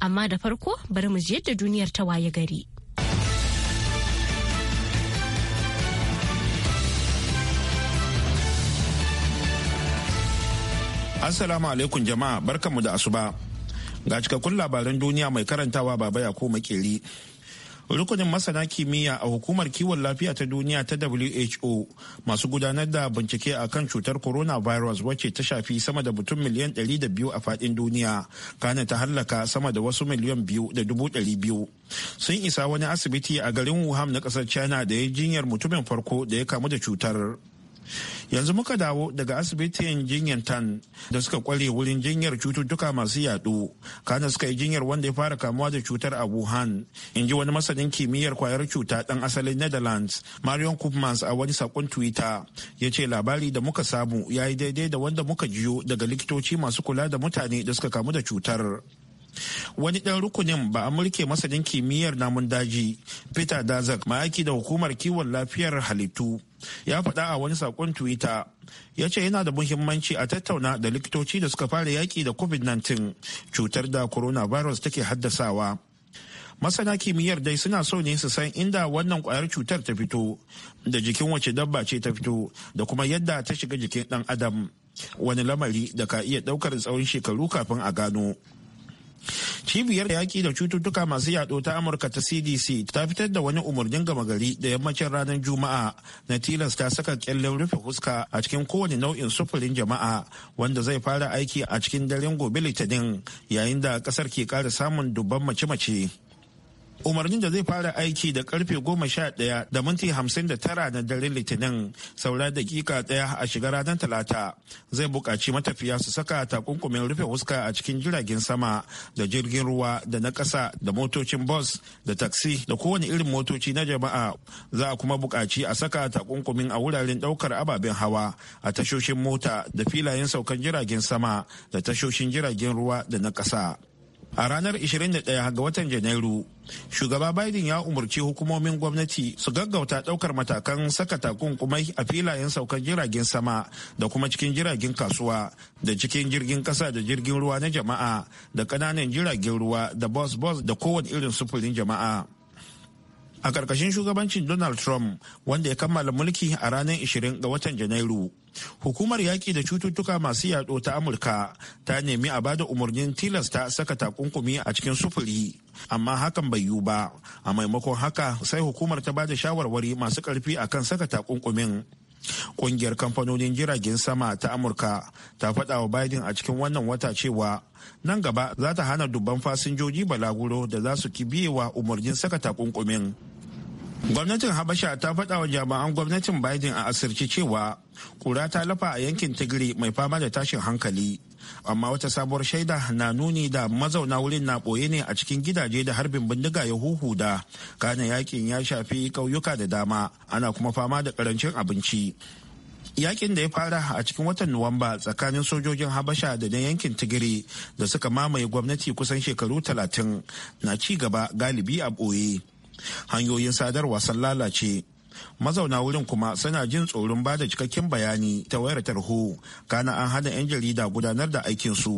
Amma da farko bari mu je yadda duniyar ta waye gari. Assalamu alaikum jama'a barkanmu da asuba. Ga cikakkun labaran duniya mai karantawa baba ya ko makeri. rukunin masana kimiyya a hukumar kiwon lafiya ta duniya ta who masu gudanar da bincike a kan cutar coronavirus wacce ta shafi sama da mutum miliyan 200 a fadin duniya kana ta hallaka sama da wasu miliyan biyu? sun isa wani asibiti a garin wuhan na kasar china da ya jinyar mutumin farko da ya kamu da cutar yanzu muka dawo daga asibitin jinyar tan da suka kware wurin jinyar cututtuka masu yadu kana suka yi jinyar wanda ya fara kamuwa da cutar a wuhan in ji wani masanin kimiyyar kwayar cuta dan asalin netherlands marion koopmans a wani sakon twitter ya ce labari da muka samu ya yi daidai da wanda muka jiyo daga likitoci masu kula da mutane da suka kamu da cutar wani dan rukunin ba a mulke masanin kimiyyar namun daji peter dazak ma'aiki da hukumar kiwon lafiyar halittu ya faɗa a wani saƙon twitter ya ce yana da muhimmanci a tattauna da likitoci da suka fara yaƙi da covid-19 cutar da coronavirus take haddasawa masana kimiyyar dai suna so ne su san inda wannan kwayar cutar ta fito da jikin wace dabba ce ta fito da kuma yadda ta shiga jikin dan adam wani lamari da ka iya ɗaukar tsawon shekaru kafin a gano cibiyar yaƙi da cututtuka masu yaɗo ta amurka ta cdc ta fitar da wani umarnin gama gari da yammacin ranar juma'a na tilasta saka kyallin rufe fuska a cikin kowane nau'in sufurin jama'a wanda zai fara aiki a cikin daren gobe litinin yayin da ƙasar ke ƙara samun dubban mace-mace umarnin da zai fara aiki da karfe goma sha daya da minti hamsin da tara na daren litinin saura dakika daya a shiga ranar talata zai buƙaci matafiya su saka takunkumin rufe huska a cikin jiragen sama da jirgin ruwa da na ƙasa da motocin bus da taxi da kowane irin motoci na jama'a za a kuma buƙaci a saka takunkumin a wuraren ɗaukar ababen hawa a tashoshin mota da filayen saukan jiragen sama da tashoshin jiragen ruwa da na ƙasa. A ranar 21 ga watan Janairu, shugaba Biden ya umarci hukumomin gwamnati su gaggauta daukar matakan saka takunkumai a filayen saukar jiragen sama da kuma cikin jiragen kasuwa da cikin jirgin kasa da jirgin ruwa na jama'a da ƙananan jiragen ruwa da bus-bus da kowane irin sufurin jama'a. a ƙarƙashin shugabancin donald trump wanda ya kammala mulki a ranar 20 ga watan janairu hukumar yaƙi da cututtuka masu yaɗo ta amurka ta nemi a bada umarnin tilasta saka takunkumi a cikin sufuri amma hakan bai yiwu ba a maimakon haka sai hukumar ta bada shawarwari masu ƙarfi akan saka takunkumin ƙungiyar kamfanonin jiragen sama ta Amurka ta faɗa wa Biden a cikin wannan wata cewa nan gaba za ta hana dubban fasinjoji balaguro da za su kibiyewa umarnin saka takunkumin. Gwamnatin Habasha ta faɗa wa jami'an gwamnatin Biden a asirce cewa kura ta lafa a yankin Tigray mai fama da tashin hankali. Amma wata sabuwar shaida na nuni da mazauna wurin na ɓoye ne a cikin gidaje da harbin bindiga ya huhu da Kana yakin ya shafi ƙauyuka da dama ana kuma fama da ƙarancin abinci. yakin da ya fara a cikin watan nuwamba tsakanin sojojin habasha da na yankin tigiri da suka mamaye gwamnati kusan shekaru talatin na ci gaba galibi a ɓoye hanyoyin sadarwa sun lalace mazauna wurin kuma suna jin tsoron bada cikakken bayani ta wayar tarho kana an hana 'yan jarida gudanar da aikinsu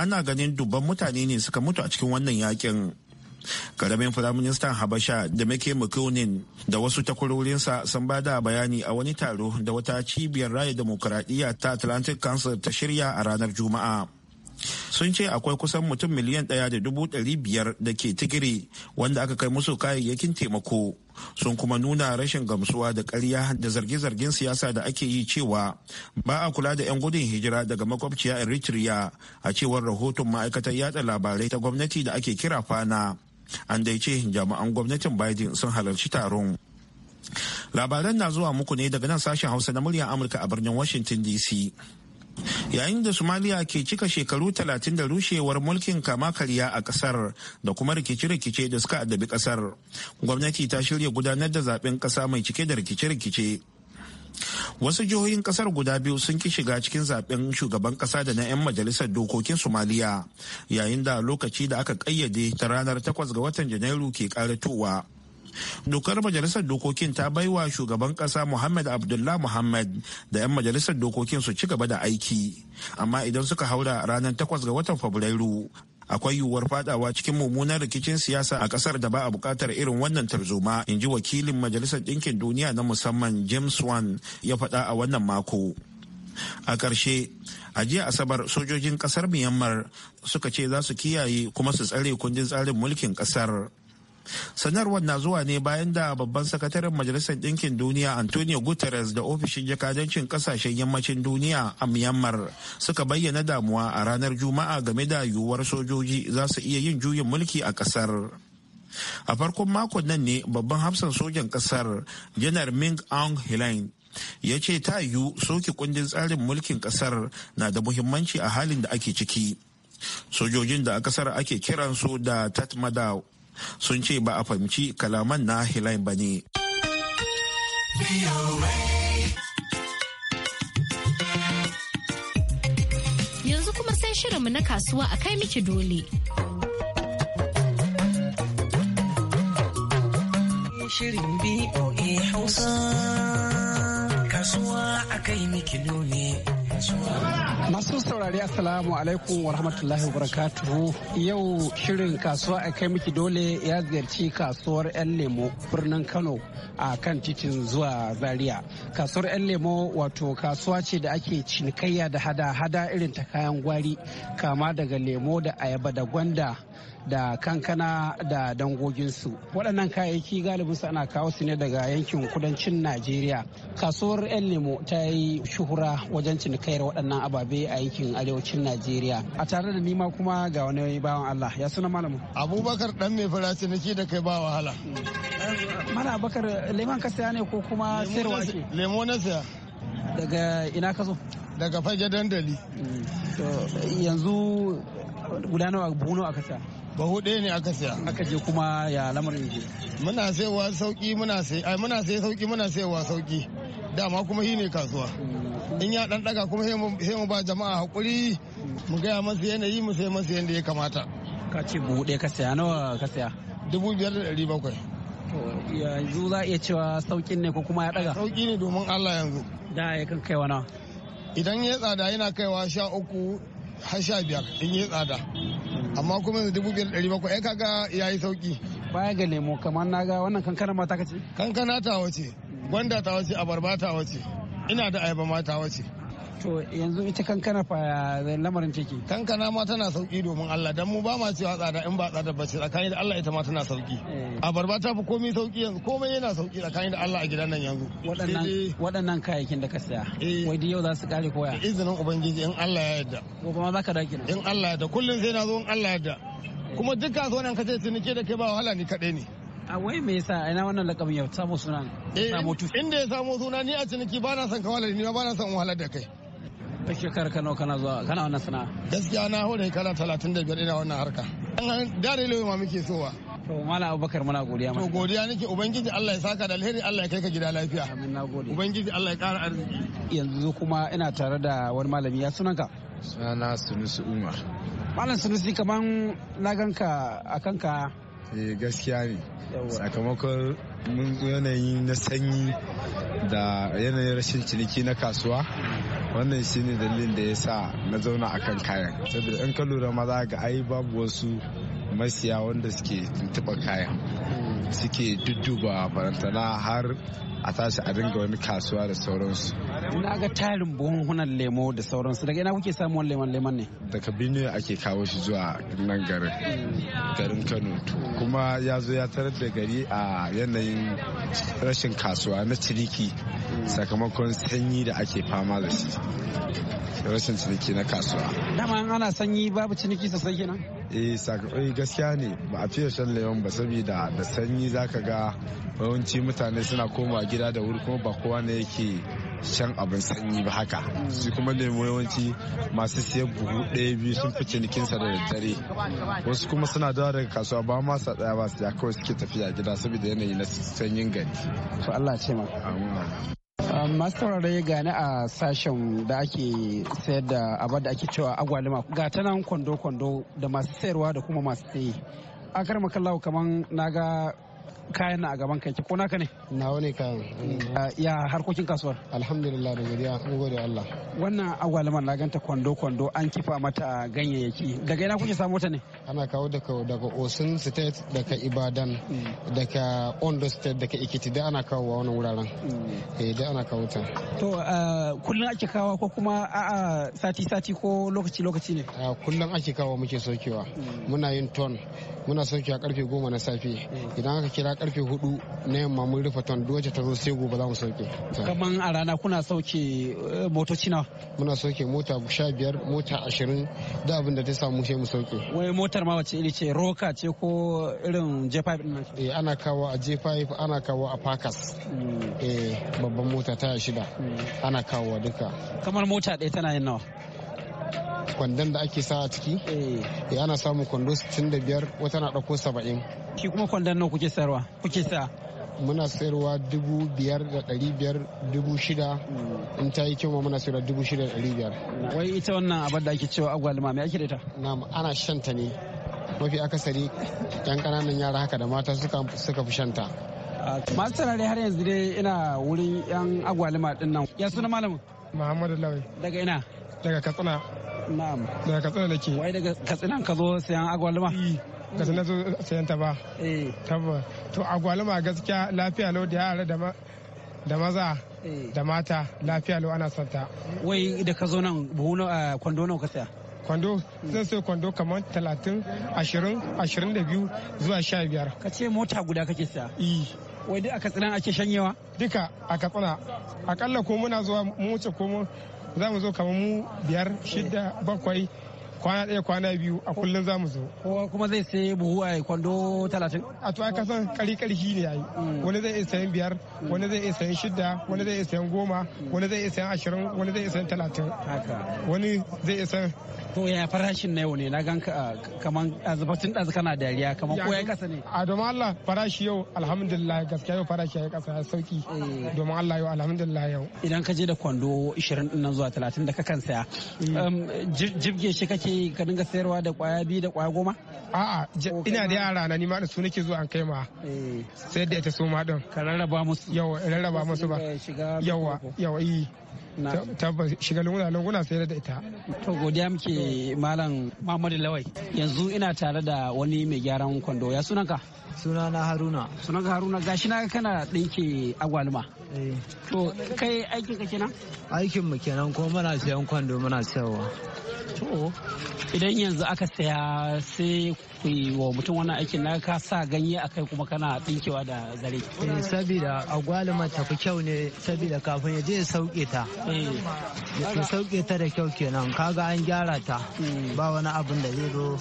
ana ganin dubban mutane ne suka mutu a cikin wannan yakin karamin firaministan habasha da make mukunin da wasu takwarorinsa sun ba da bayani a wani taro da wata cibiyar raya demokuraɗiyya ta atlantic council ta shirya a ranar juma'a sun ce akwai kusan mutum miliyan ɗaya da dubu ɗari biyar da ke tigiri wanda aka kai musu kayayyakin taimako sun kuma nuna rashin gamsuwa da karya da zarge-zargen siyasa da ake yi cewa ba a kula da 'yan gudun hijira daga makwabciya eritrea a cewar rahoton ma'aikatar yada labarai ta gwamnati da ake kira fana an dai ce jami'an gwamnatin biden sun halarci taron labaran na zuwa muku ne daga nan sashen hausa na muryar amurka a birnin washington dc yayin da somaliya ke cika shekaru talatin da rushewar mulkin kama karya a kasar da kuma rikice-rikice da suka addabi kasar gwamnati ta shirya gudanar da zaben kasa mai cike da rikice-rikice wasu jihohin kasar guda biyu sun ki shiga cikin zaben shugaban kasa da na 'yan majalisar dokokin somaliya yayin da lokaci da aka kayyade ta ranar 8 ga watan janairu ke karatowa dokar majalisar dokokin ta baiwa shugaban kasa muhammad abdullah muhammad da 'yan majalisar dokokin su ci gaba da aiki amma idan suka haura ranar 8 ga watan fabrairu akwai yiwuwar fadawa cikin mummunan rikicin siyasa a kasar da ba a bukatar irin wannan tarzoma in ji wakilin majalisar ɗinkin duniya na musamman james wan ya faɗa a wannan mako a ƙarshe a jiya asabar sojojin ƙasar myanmar suka ce za su kiyaye kuma su tsare kundin tsarin mulkin ƙasar sanarwar na zuwa ne bayan da babban sakataren majalisar ɗinkin duniya antonio guterres da ofishin jakadancin ƙasashen yammacin duniya a myanmar suka bayyana damuwa a ranar juma'a game da yiwuwar sojoji za su iya yin juyin mulki a ƙasar a farkon makon nan ne babban hafsan sojan ƙasar janar ming aung hlaing ya ce ta yiwu soke kundin tsarin mulkin ƙasar na da muhimmanci a halin da ake ciki sojojin da a ƙasar ake kiransu da tatmadaw sun ce ba a fahimci kalaman na Helen ba ne. Yanzu kuma sai shirinmu na kasuwa a kai miki dole. Shirin BOA Hausa, kasuwa a kai miki dole. Masu saurari Assalamu alaikum wa rahmatullahi wa Yau shirin kasuwa a kai miki dole ya ziyarci kasuwar 'yan lemo birnin Kano a kan titin zuwa Zaria. Kasuwar 'yan lemo wato kasuwa ce da ake cinikayya da hada-hada irin ta kayan gwari kama daga lemo da ayaba da gwanda da kankana da dangoginsu waɗannan kayayyaki galibin su ana kawo su ne daga yankin kudancin najeriya kasuwar yan lemo ta yi shuhura wajen cinikayyar waɗannan ababe a yankin arewacin najeriya a tare da nima kuma ga wani bawan allah ya suna malamu abubakar dan mai fara ciniki da kai ba wahala mana abubakar leman ka saya ne ko kuma sayarwa ke lemo na saya daga ina ka zo daga fage dandali mm. yanzu guda nawa buhu nawa aka siya bahu ɗaya ne aka siya aka je kuma ya lamarin je muna saiwa sauki muna sai ai muna sai sauki muna wa sauki dama kuma shi ne kasuwa in ya dan daga kuma sai mu ba jama'a hakuri mu gaya masu yanayi mu sai masu yanda ya kamata ka ce buhu ɗaya ka siya nawa ka siya dubu biyar da ɗari bakwai yanzu za a iya cewa saukin ne ko kuma ya daga sauki ne domin allah yanzu da ya kan kaiwa na idan ya tsada yana kaiwa sha uku har sha biyar in yi tsada amma kuma yanzu dubu biyar ɗari bakwai ai kaga ya yi sauki. baya ga lemo kamar na ga wannan kankana mata kace. kankana ta wace gwanda ta wace abarba ta wace ina da ayaba ma ta wace. to yanzu ita kankana fa lamarin take kankana ma tana sauki domin Allah dan mu ba ma cewa tsada in ba tsada ba ce tsakanin da Allah ita ma tana sauki eh. barba ta fi komai sauki yanzu komai yana sauki tsakanin da Allah a gidan nan yanzu waɗannan waɗannan kayayyakin da ka saya eh. wai yau za su kare koya izinin ubangiji in Allah ya yarda gobe ma ka dake in Allah ya yarda kullun sai na zo in Allah ya yarda kuma duk nan ka ce cinike da kai ba wahala ni kaɗai ne a wai me yasa ina wannan lakabin ya samu sunan eh, inda ya samu suna ni a ciniki ba na son ka ni ba na san wahalar da kai a shekarar kano kana zuwa kana wannan sana'a gaskiya na hore kana talatin da biyar ina wannan harka an da lewe ma muke sowa To Mala Abubakar muna godiya To godiya nake Ubangiji Allah ya saka da alheri Allah ya kai ka gida lafiya. Amin na gode. Ubangiji Allah ya kara arziki. Yanzu kuma ina tare da wani malami ya sunanka. Sunana Sunusi Umar. Malam Sunusi kaman na ganka a kanka. Eh gaskiya ne. Sakamakon mun yanayi na sanyi da yanayin rashin ciniki na kasuwa wannan shine dalilin da ya sa na zauna a kan kayan saboda in ka lura maza ga ai babu wasu masiya wanda suke tuntuɓa kayan suke dudduba farantana har a tashi a dinga wani kasuwa da sauransu na ga tarin buhunhunan lemo da sauransu daga ina kuke samu lemon lemon ne daga benue ake kawo shi zuwa nan garin garin kano kuma ya zo ya tarar da gari a yanayin rashin kasuwa na ciniki sakamakon sanyi da ake fama da shi rashin ciniki na kasuwa dama ana sanyi babu ciniki sosai kenan eh sakamakon eh, gaskiya ne ba a fiye shan lemon ba saboda da sanyi zaka ga yawanci mutane suna komawa gida da wuri kuma ba kowa ne yake shan abin sanyi ba haka su kuma lemo yawanci masu siyan buhu ɗaya biyu sun fi cinikinsa da daddare wasu kuma suna dawa daga kasuwa ba ma sa ɗaya ba su kawai suke tafiya gida saboda yanayi na sanyin gari to Allah ce ma ah, masu taurare gane a sashen da ake sayar da abar da ake cewa agwaluma ga ta nan kwando-kwando da masu sayarwa da kuma masu sayi a karmakan kamar na ga kayan na a gaban kai ko naka ne nawa ne kayan ya harkokin kasuwar alhamdulillah da godiya mun gode Allah wannan agwalama na ganta kwando kwando an kifa mata ganyayyaki daga ina kuke samu ta ne ana kawo daga daga Osun state daga Ibadan mm. daga Ondo state daga Ikiti da ana kawo wa wannan wuraren mm. eh da ana kawo ta to eh, kullun ake kawo ko kuma a sati sati ko lokaci lokaci ne eh, kullun ake kawo muke sokewa mm. muna yin ton muna sokewa karfe goma na safe idan aka kira karfe hudu na yamma mun rufe ton duwace ta zo sai gobe za mu sauke. kaman a rana kuna sauke eh, motoci nawa. muna sauke mota sha biyar mota ashirin da abin da ta samu sai mu sauke. wai motar ma wace iri ce roka ce ko irin j5 din eh ana kawo a j5 ana kawo a pakas. Hmm. eh babban mota ta shida hmm. ana kawo duka. kamar mota ɗaya tana yin nawa. kwandon da ake sa a ciki ya eh. eh, ana samun kwando 65 wata na dauko 70 shi kuma kwandon nan kuke sayarwa kuke sa muna sayarwa dubu biyar da ɗari biyar dubu shida hmm. in ta yi kyau muna sayarwa dubu shida da ɗari biyar. wai ita wannan abin da ake cewa agwaluma me ake da ita? na ana shanta ne mafi akasari yan kananan yara haka da mata suka fi shanta. Ah, masu sarari har yanzu dai ina wurin yan agwaluma din nan ya suna malamin. muhammadu lawai. daga ina. daga katsina. na'am daga katsina da ke. wai daga katsinan ka zo sayan agwaluma eh, ka sanar zo sayan ta ba eh. tabba to agwaluma gaskiya lafiya lau da yara da maza eh. da mata lafiya lau ana santa. ta wai da ka zo nan buhu na kwando nawa ka saya kwando hmm. zan sai kwando kamar talatin ashirin ashirin da biyu zuwa sha biyar ka ce mota guda kake saya wai duk a katsina ake shanyewa duka a katsina akalla ko muna zuwa mu wuce ko za mu zo kamar mu biyar shidda bakwai kwana ɗaya kwana biyu a kullum za mu zo. Kowa kuma zai sai buhu a kwando talatin? A to aka san kari kari shi ne yayi. Mm. Wani zai iya sayan biyar, mm. wani zai iya sayan shida, wani zai iya sayan goma, mm. wani zai iya sayan ashirin, wani zai iya sayan talatin. Wani zai iya sayan ko ya farashin na yau ne na gan ah, kaman azubatun ah, ɗazu kana dariya kaman ko ya kasa ne a domin Allah farashi yau alhamdulillah gaskiya yau farashi ya kasa sauki eh. domin Allah yau alhamdulillah yau idan ka je da kwando 20 din nan zuwa 30 da ka kan saya eh. um, jibge shi kake ka dinga sayarwa da kwaya biyu da kwaya goma a'a ina da yara na nima da su nake zuwa an kai ma eh. sai da ita so ma din ka rarraba musu yawa rarraba musu ba yawa yawa yi tabbas shiga lunguna lunguna sai da ita to godiya muke malam Muhammadu Lawai yanzu ina tare da wani mai gyaran kwando ya sunan Suna sunana Haruna ka Haruna gashi na kana dinke agwaluma eh. to kai aikin ka kenan aikin mu kenan ko muna sayan kwando muna sayarwa to idan yanzu aka saya sai wa mutum wannan aikin na ka sa ganye a kai kuma kana dinkewa da zare. Eh, a gwalima agwaluma tafi kyau ne saboda kafin ya je sauke ta. Eh. Ya sauke ta da kyau kenan kaga an gyara ta hmm. ba wani abin da zai zo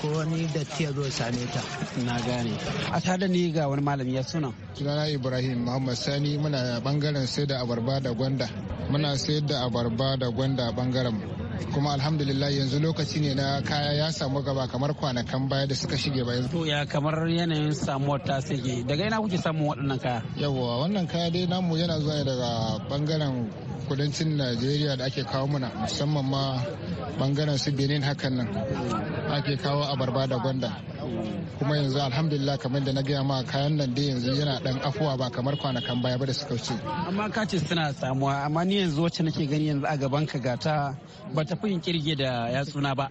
ko wani da ya zo same ta. Na gane. A tada ni ga wani malami ya suna. Sunana Ibrahim Muhammad Sani muna bangaren sai da abarba da gwanda. Muna sayar da abarba da gwanda bangaren mu. kuma alhamdulillah yanzu lokaci ne na kaya ya samu gaba kamar kwanakan baya da suka shige ba yanzu. to ya kamar yanayin samuwar ta sige daga ina kuke samun waɗannan kaya. yawwa wannan kaya dai namu yana zuwa daga bangaren kudancin najeriya da ake kawo mana musamman ma bangaren su benin hakan nan ake kawo abarba da gwanda kuma yanzu alhamdulillah kamar da na gaya ma kayan nan dai yanzu yana dan afuwa ba kamar kwanakan baya ba da suka wuce amma ka ce suna samuwa amma ni yanzu wacce nake gani yanzu a gaban ka gata ba ta fi kirge da yatsuna ba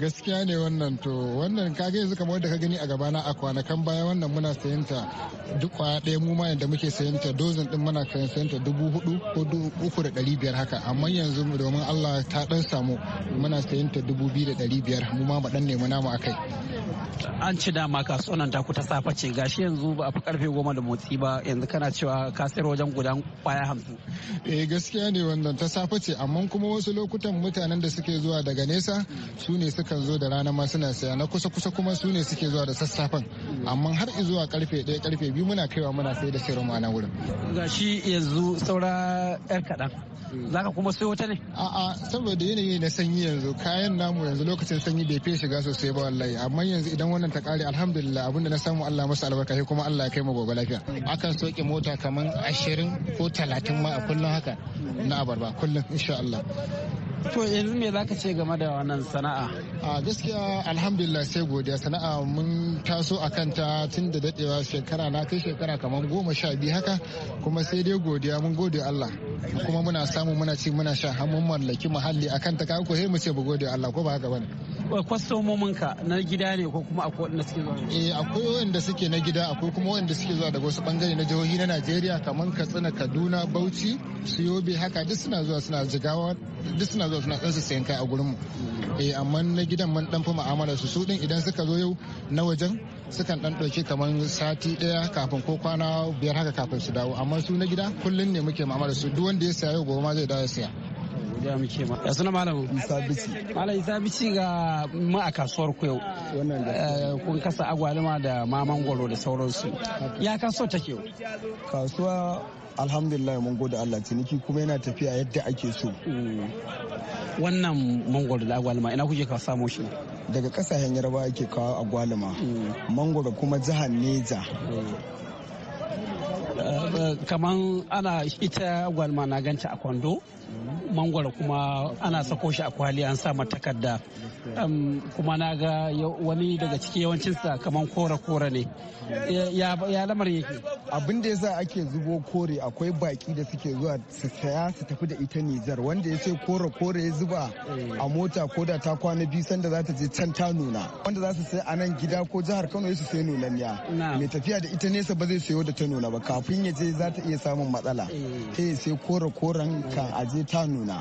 gaskiya ne wannan to wannan ka ga yanzu kamar da ka gani a gabana a kwanakan baya wannan muna sayan ta duk kwaya ɗaya mu ma yanda muke sayan ta dozin din muna sayan ta dubu hudu ko uku da ɗari biyar haka amma yanzu domin Allah ta dan samu muna sayan ta dubu biyu da ɗari biyar mu ma mu dan nemi namu akai an ci dama sonan nan ku ta safa ce gashi yanzu ba a fi karfe goma da motsi ba yanzu kana cewa ka sayar wajen gudan kwaya hamsin. eh gaskiya ne wannan ta safa ce amma kuma wasu lokutan mutanen da suke zuwa daga nesa su ne sukan zo da rana ma suna saya na kusa kusa kuma su ne suke zuwa da sassafen amma har zuwa karfe ɗaya karfe biyu muna kaiwa muna sai da sayar ma na wurin. gashi yanzu saura yar kaɗan zaka kuma sai wata ne. a'a saboda yanayi na sanyi yanzu kayan namu yanzu lokacin sanyi bai fiye shiga sosai ba wallahi amma yanzu idan wannan ta kare alhamdulillah abinda na samu Allah masa albarka sai kuma Allah ya kai mu gobe lafiya akan soke mota kaman 20 ko 30 ma a kullun haka na abarba kullun insha Allah To yanzu me zaka ce game da wannan sana'a? A gaskiya alhamdulillah sai godiya sana'a mun taso a kanta tun da dadewa shekara na kai shekara kaman goma sha biyu haka kuma sai dai godiya mun gode Allah kuma muna samu muna ci muna sha har mun mallaki muhalli akan ta kawo ko mu ce mu gode Allah ko ba haka bane. kwastomominka na gida ne ko kuma akwai waɗanda suke zuwa eh akwai waɗanda suke na gida akwai kuma waɗanda suke zuwa daga wasu bangare na jihohi na Najeriya kamar Katsina Kaduna Bauchi su Yobe haka duk suna zuwa suna jigawa duk suna zuwa suna tsansu sayan kai a gurin mu eh amma na gidan mun dan fi mu'amala su su din idan suka zo yau na wajen sukan dan ɗauki kamar sati ɗaya kafin ko kwana biyar haka kafin su dawo amma su na gida kullum ne muke mu'amala su duk wanda ya saya yau gobe ma zai dawo ya saya da muke ma ya suna malam isa bici malam isa bici ga ma a kasuwar ku yau eh, kun kasa agwaluma da ma mangoro da sauransu ya kasuwar take yau kasuwa alhamdulillah mun gode Allah ciniki kuma yana tafiya yadda ake so hmm. wannan mangoro da agwaluma ina kuke ka samu shi daga kasashen yarbawa ake kawo agwaluma hmm. mangoro kuma jihar neja hmm. kaman ana ita gwalma na ganta a kwando mangwara kuma ana sako shi a kwali an sa takarda kuma na ga wani daga ciki yawancinsa kaman kore-kore ne ya lamar yake abin da sa ake zubo kore akwai baki da suke zuwa su saya su tafi da ita nizar wanda ya ce kore-kore ya zuba a mota ko da ta kwana biyu sanda za ta je can ta nuna wanda za su sai a nan gida ko jihar kano ya su sai ya. mai tafiya da ita nesa ba zai sayo da ta nuna ba kafin ya je za ta iya samun matsala eh, eh sai kora koren kan aje ta nuna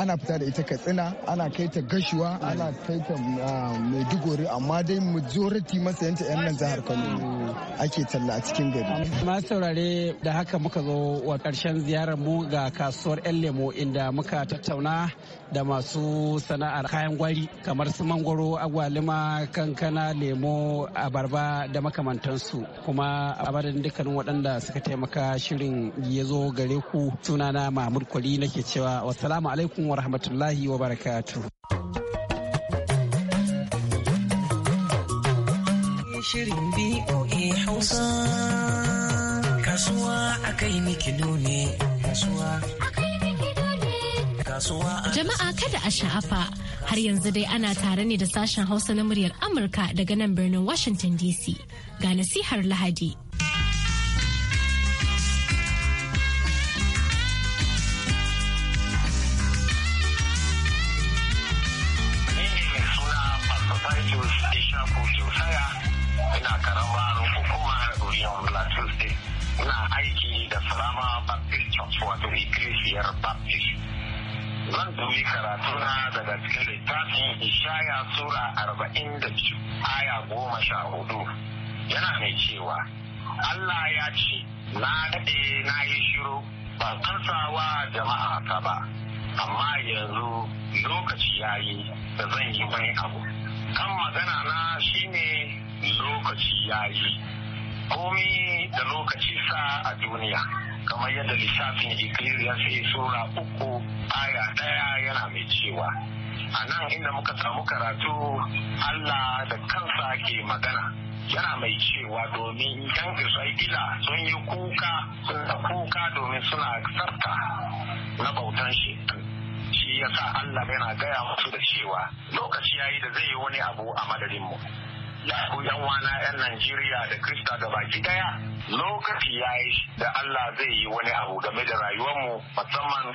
ana fita da ita katsina ana kai ta gashuwa ana kai ta ah, maiduguri amma dai majority masayanta yan nan jihar kano ake talla a cikin gari ma saurare da haka muka zo wa karshen ziyarar mu ga kasuwar yan lemo inda muka tattauna da masu sana'ar kayan gwari kamar su mangoro agwaluma kankana lemo abarba da makamantansu kuma a dukkanin waɗanda suka taimaka shirin ya zo gare ku sunana mahmud kwali nake cewa wasalamu alaikum wa rahmatullahi wa barakatu. shirin Hausa. Kasuwa a kai ne. Kasuwa Jama'a kada a sha'afa har yanzu dai ana tare ne da sashen Hausa na muryar Amurka daga nan birnin Washington DC ga nasihar Lahadi. ina aiki da Salama Baptist Church wato Iglesiyar Baptist zan koyi karatu na daga cikin littafin ishaya sura arba'in da biyu aya goma sha hudu yana mai cewa Allah ya ce na daɗe na yi shiru ba wa jama'a ta ba amma yanzu lokaci ya yi da zan yi wani abu kan magana na shi ne lokaci ya yi komi da lokaci sa a duniya kamar yadda littafin Ecclesiastes sura uku aya ɗaya yana mai cewa a nan inda muka samu karatu Allah da kansa ke magana yana mai cewa domin yan Isra'ila sun yi kuka sun kuka domin suna sarta na bautan shi shi yasa Allah yana gaya musu da cewa lokaci yayi da zai yi wani abu a madadinmu. ya ku yan wana yan Najeriya da Krista da baki daya lokaci ya yi da Allah zai yi wani abu game da rayuwarmu musamman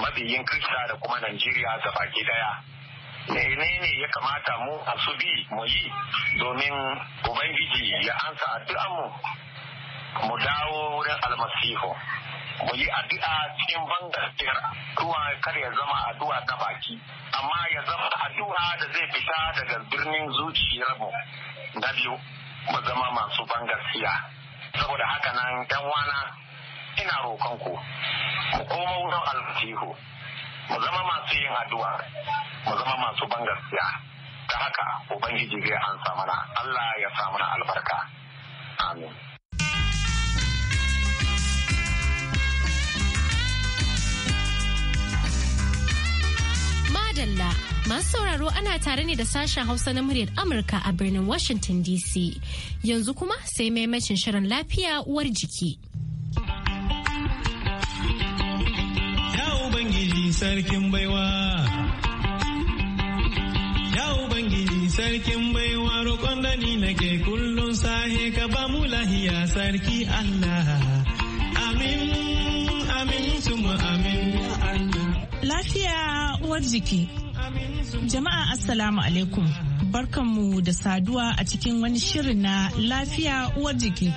mabiyin Krista da kuma Najeriya da baki daya menene ya kamata mu a su bi mu yi domin ubangiji ya ansa addu'a mu mu dawo wurin almasihu mu yi addu'a cikin bangaskiyar ruwa kar ya zama addu'a ta baki amma ya zama addu'a da zai fita daga birnin zuciyar mu na biyu mu zama masu bangaskiya saboda haka nan yan wana ina roƙon ku mu koma wurin alfihu mu zama masu yin addu'a mu zama masu bangaskiya ta haka ubangiji zai ansa mana Allah ya samu na albarka amin madalla masu sauraro ana tare ne da sashen hausa na muryar amurka a birnin washington dc yanzu kuma sai maimacin shirin lafiya uwar jiki ya ubangiji sarkin baiwa ya ubangiji sarkin baiwa roƙon da nake kullum sahe ka ba mu lahiya sarki allah amin amin suma amin Lafiya uwar jiki. Jama'a Assalamu alaikum. Barkanmu da saduwa a cikin wani shirin na lafiya uwar jiki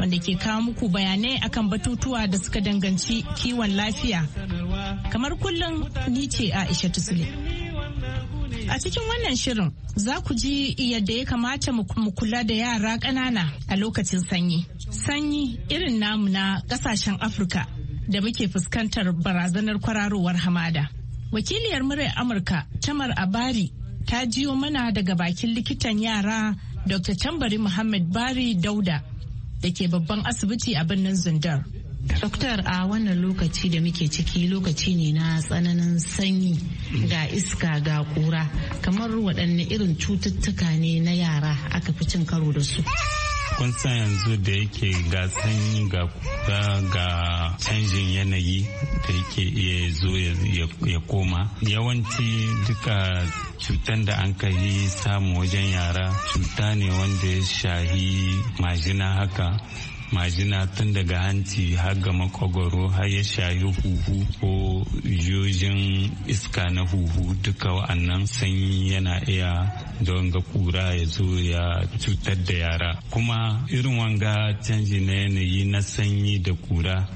wanda ke kawo muku bayanai akan batutuwa da suka danganci kiwon lafiya. Kamar kullum ni ce Aisha Tusule. A cikin wannan shirin za ku ji yadda ya kamata mu kula da yara ƙanana a lokacin sanyi. Sanyi irin namu na ƙasashen Afirka da muke fuskantar barazanar kwararowar hamada. Wakiliyar muryar Amurka Tamar Abari ta jiyo mana daga bakin likitan yara Dr. Tambari Muhammad Bari Dauda da ke babban asibiti a birnin Zindar. Doktor a wannan lokaci da muke ciki lokaci ne na tsananin sanyi ga iska ga kura kamar waɗanne irin cututtuka ne na yara aka fi cin karo da su. kun san yanzu da yake ga sanyi ga ga canjin yanayi da yake iya zo ya koma yawanci duka cutan da an yi samu wajen yara cuta ne wanda ya shahi majina haka majina tun daga hanci har ga makogoro har ya shayi huhu ko yojin iska na huhu duka wa'annan sanyi yana iya don ga kura ya zo ya cutar da yara kuma irin wanga canji na yanayi na sanyi da kura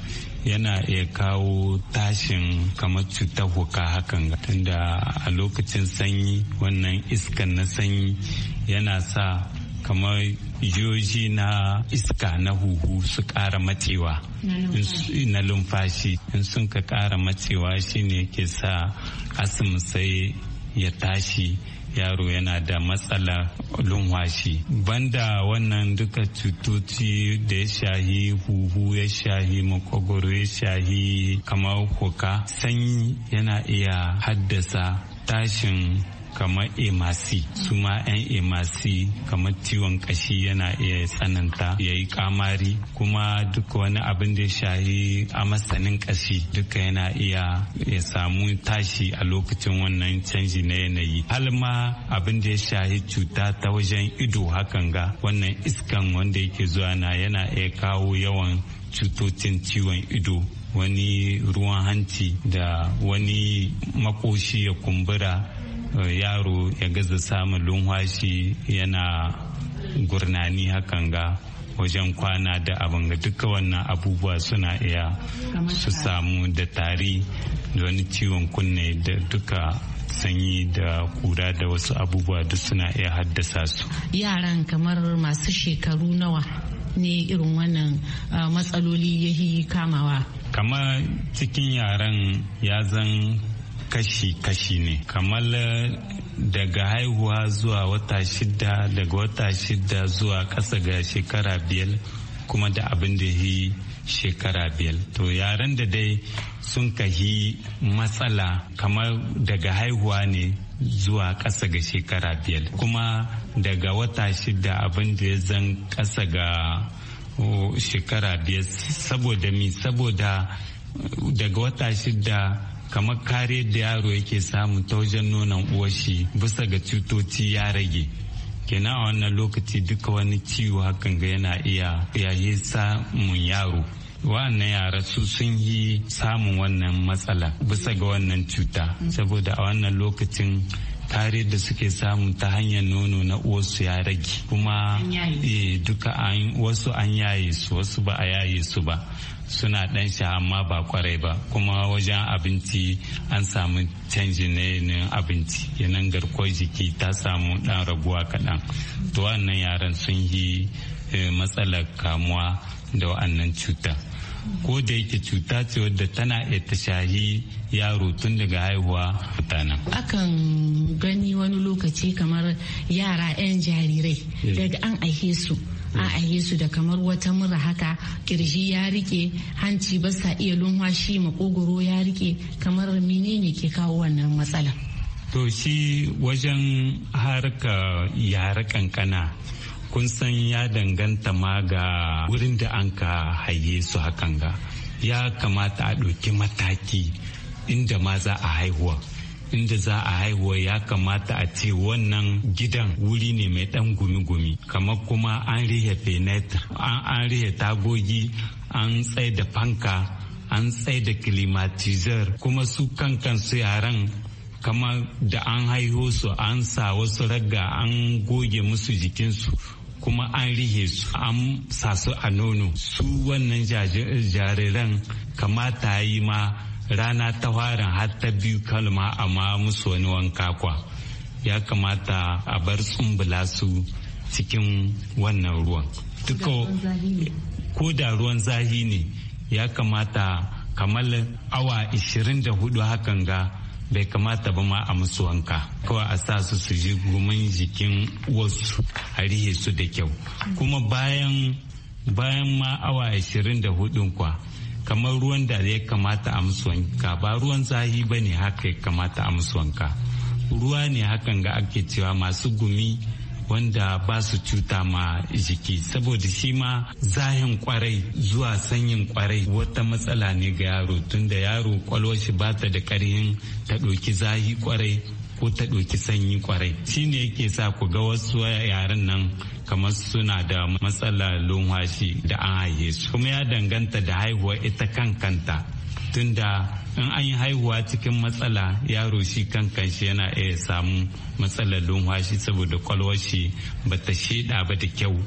yana iya kawo tashin kamar cutar huka hakan tunda a lokacin sanyi wannan iskan na sanyi yana sa kamar yoji na iska na huhu su kara matsewa na lumfashi in sun ka ƙara matsewa shine ke sa asim sai ya tashi yaro yana da matsala lumfashi banda wannan duka cutoci da ya shahi huhu ya shahi makogoro ya shahi kamar koka sanyi yana iya haddasa tashin kamar emasi su ma 'yan emasi kamar ciwon kashi yana iya tsananta ya yi kamari kuma duk wani abin da ya shahi a masanin kashi duka yana iya ya samu tashi a lokacin wannan canji na yanayi hal ma abin da ya shahi cuta ta wajen ido hakan ga wannan iskan wanda yake zuwa na yana iya kawo yawan cutocin ciwon ido wani ruwan hanci da wani makoshi ya kumbura Eh, yaro ya gaza samun lunwashi yana gurnani hakan ga wajen kwana da abin ga duka wannan abubuwa suna iya su samu da tari da wani ciwon kunne da duka sanyi da kura da wasu abubuwa duk suna iya haddasa su yaran kamar masu shekaru nawa ne irin wannan eh, matsaloli ya kamawa Kamar cikin yaran ya zan kashi-kashi ne kamar eh, daga haihuwa zuwa wata shida daga wata shida zuwa kasa ga shekara biyar kuma da abin da yi shekara biyar to yaren da dai sun kahi matsala kamar daga haihuwa ne zuwa kasa ga shekara biyar kuma daga wata shida abin da ya zan kasa ga shekara biyar saboda mi saboda eh, daga wata shida kamar kare da yaro yake samu ta wajen nonon uwashi bisa ga cutoci ya rage kina a wannan lokaci duka wani ciwo hakan ga yana iya yayi samun yaro wannan yara su sun yi samun wannan matsala bisa ga wannan cuta saboda a wannan lokacin kare da suke samu ta hanyar nono na uwarsu ya rage kuma eh, duka wasu an yaye su wasu ba a yaye su ba suna ɗan sha amma ba kwarai ba kuma wajen abinci an samu canji na yanayin abinci yanayin garkuwar jiki ta samu ɗan raguwa kaɗan to wannan yaran sun yi eh, matsalar kamuwa da wa'annan cuta ko da yake cuta ce wadda tana iya ta shahi yaro tun daga haihuwa mutanen. akan gani wani lokaci kamar yara 'yan jarirai eh. daga an aihe su a aihe su da kamar wata mura haka kirji ya rike hanci ba sa iya shi makogoro ya rike kamar ne ke kawo wannan matsala to shi wajen harka yara kankana kun san ya danganta ma ga wurin da an ka haye su hakan ga ya kamata a ɗauki mataki inda ma za a haihuwa inda za a haihuwa ya kamata a ce wannan gidan wuri ne mai dan gumi-gumi kamar kuma an rihe fenet an rihe tagogi an tsaye da fanka an tsaye da climatizer kuma su kankan su yaran kama da an haiho su an sa wasu ragga an goge musu jikinsu kuma an rihe su an sa su a nono su wannan jariran kamata yi ma rana ta farin har ta biyu kalma amma musu wani wanka kwa ya kamata a bar tsumbula su cikin wannan ruwan ko da ruwan zahi ne ya kamata kamar awa 24 hakan ga bai kamata ba ma a musu wanka kawai a sa su su ji gumin jikin wasu a rihe su da kyau hmm. kuma bayan bayan ma awa 24 kwa kamar ruwan da ya kamata a musu wanka ba ruwan zahi ba ne haka ya kamata a musu wanka ruwa ne hakan ga ake cewa masu gumi wanda ba su cuta ma jiki saboda shi ma zahin kwarai zuwa sanyin kwarai wata matsala ne ga yaro tunda yaro kwalwashi shi ba ta da karhin ta ɗauki zahi kwarai ko ta ɗauki sanyi kwarai shi ne yake sa ku ga wasu yaren nan kamar suna da matsalar lumhashi da an haihe su kuma ya danganta da haihuwa ita kan kanta tunda in an yi haihuwa cikin matsala yaro shi kankan shi yana iya samu matsalar lumhashi saboda kwalwar shi ba ta sheda ba da kyau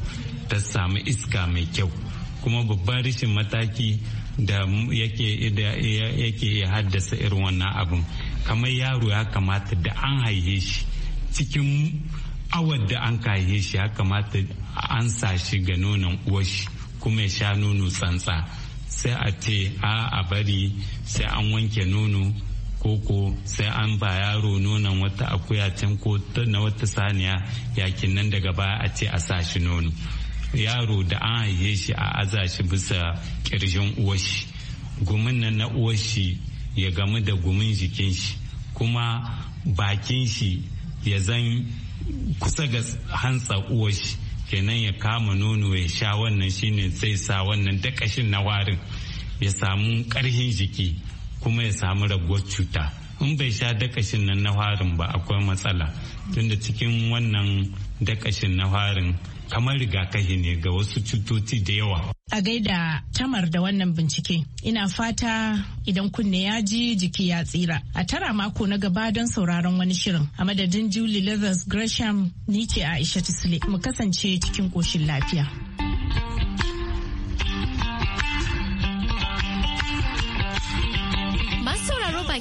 ta samu iska mai kyau kuma babban rashin mataki da yake iya haddasa irin wannan abin kamar yaro ya kamata da an haihe shi cikin awar da an haihe shi ya kamata an sa shi ga nonon uwashi kuma ya sha nono tsantsa sai a ce a a bari sai an wanke nono koko sai an ba yaro nonon wata akuya can ko na wata saniya yakin nan daga baya a ce a sa shi nono yaro da an haihe shi a aza shi bisa kirjin uwashi gumin nan na uwashi ya gamu da gumin jikin shi kuma bakin shi ya zan kusa ga hantsa uwar shi kenan ya kama nono ya sha wannan shine zai sa wannan dakashin na warin ya samu karhin jiki kuma ya samu raguwar cuta in bai sha dakashin nan na warin ba akwai matsala tunda cikin wannan dakashin na warin kamar rigakafi ne ga wasu cutoci da yawa A gaida tamar da wannan bincike, ina fata idan kunne ya ji jiki ya tsira. A tara mako na gaba don sauraron wani shirin. A madadin Julie Leathers Gresham ni ce Aisha Tisle mu kasance cikin koshin lafiya.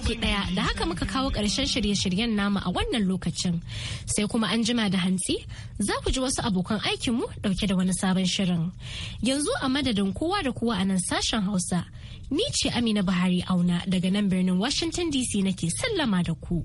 baki daya da haka muka kawo ƙarshen shirye-shiryen namu a wannan lokacin sai kuma an jima da hantsi za ku ji wasu abokan aikinmu dauke da wani sabon shirin yanzu a madadin kowa da kowa a nan sashen hausa ni ce amina buhari auna daga nan birnin washington dc nake sallama da ku.